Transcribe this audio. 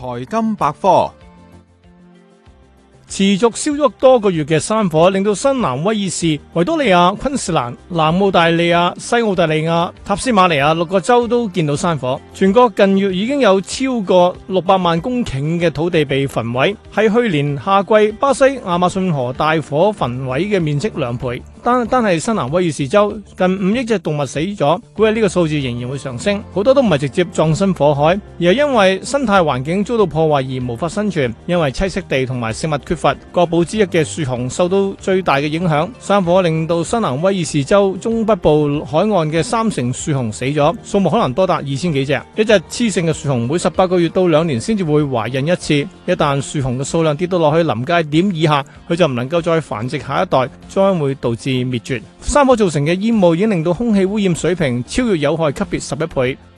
財金百科，持續燒咗多個月嘅山火，令到新南威爾士、維多利亞、昆士蘭、南澳大利亞、西澳大利亞、塔斯馬尼亞六個州都見到山火。全國近月已經有超過六百萬公頃嘅土地被焚毀，係去年夏季巴西亞馬遜河大火焚毀嘅面積兩倍。單單係新南威爾士州近五億隻動物死咗，估計呢個數字仍然會上升。好多都唔係直接葬身火海，而係因為生態環境遭到破壞而無法生存，因為棲息地同埋食物缺乏。國寶之一嘅樹熊受到最大嘅影響，山火令到新南威爾士州中北部海岸嘅三成樹熊死咗，數目可能多達二千幾隻。一隻雌性嘅樹熊每十八個月到兩年先至會懷孕一次，一旦樹熊嘅數量跌到落去臨界點以下，佢就唔能夠再繁殖下一代，將會導致滅絕，山火造成嘅煙霧已經令到空氣污染水平超越有害級別十一倍。